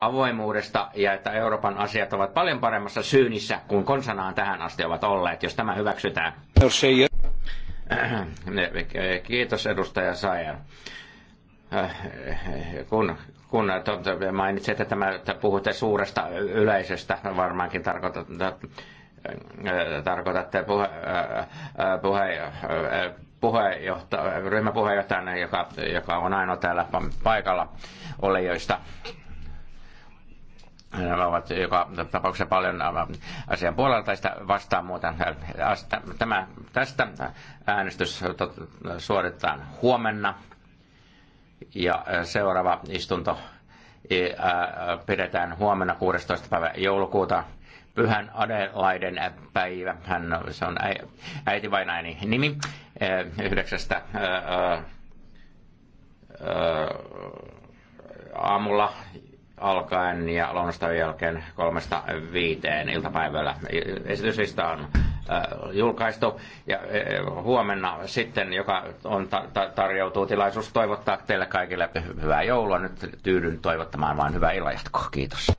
avoimuudesta ja että Euroopan asiat ovat paljon paremmassa syynissä kuin konsanaan tähän asti ovat olleet, jos tämä hyväksytään. Kiitos edustaja Sayer. Kun, kun mainitsit, että, tämä, että puhutte suuresta yleisöstä, varmaankin tarkoitat, tarkoitatte puhe, puhe, puheenjohtaja, ryhmäpuheenjohtajana, joka, joka on ainoa täällä paikalla olejoista nämä ovat joka tapauksessa paljon asian puolella tai sitä vastaan muuta. Tämä, tästä äänestys suoritetaan huomenna ja seuraava istunto pidetään huomenna 16. päivä joulukuuta. Pyhän Adelaiden päivä, hän, se on äiti vain näin, nimi, yhdeksästä aamulla alkaen ja lounastavan jälkeen kolmesta viiteen iltapäivällä. Esityslista on äh, julkaistu ja äh, huomenna sitten, joka on ta- tarjoutuu tilaisuus toivottaa teille kaikille hyvää joulua. Nyt tyydyn toivottamaan vain hyvää illanjatkoa. Kiitos.